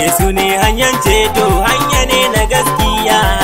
Yesu ne hanyar ceto hanya ne na gaskiya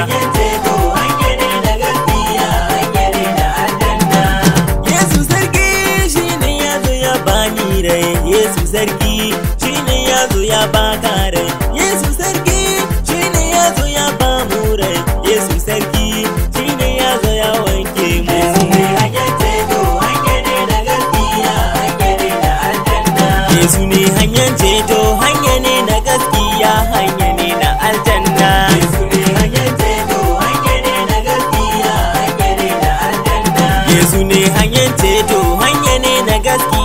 sarki shine ya zo ya ba kare yesu sarki shine ya zo ya ba mu rai yesu sarki shine ya zo ya wanke mu yesu ne hanyar ceto hanya ne na gaskiya hanya ne na aljanna yesu ne hanyar ceto hanya ne na gaskiya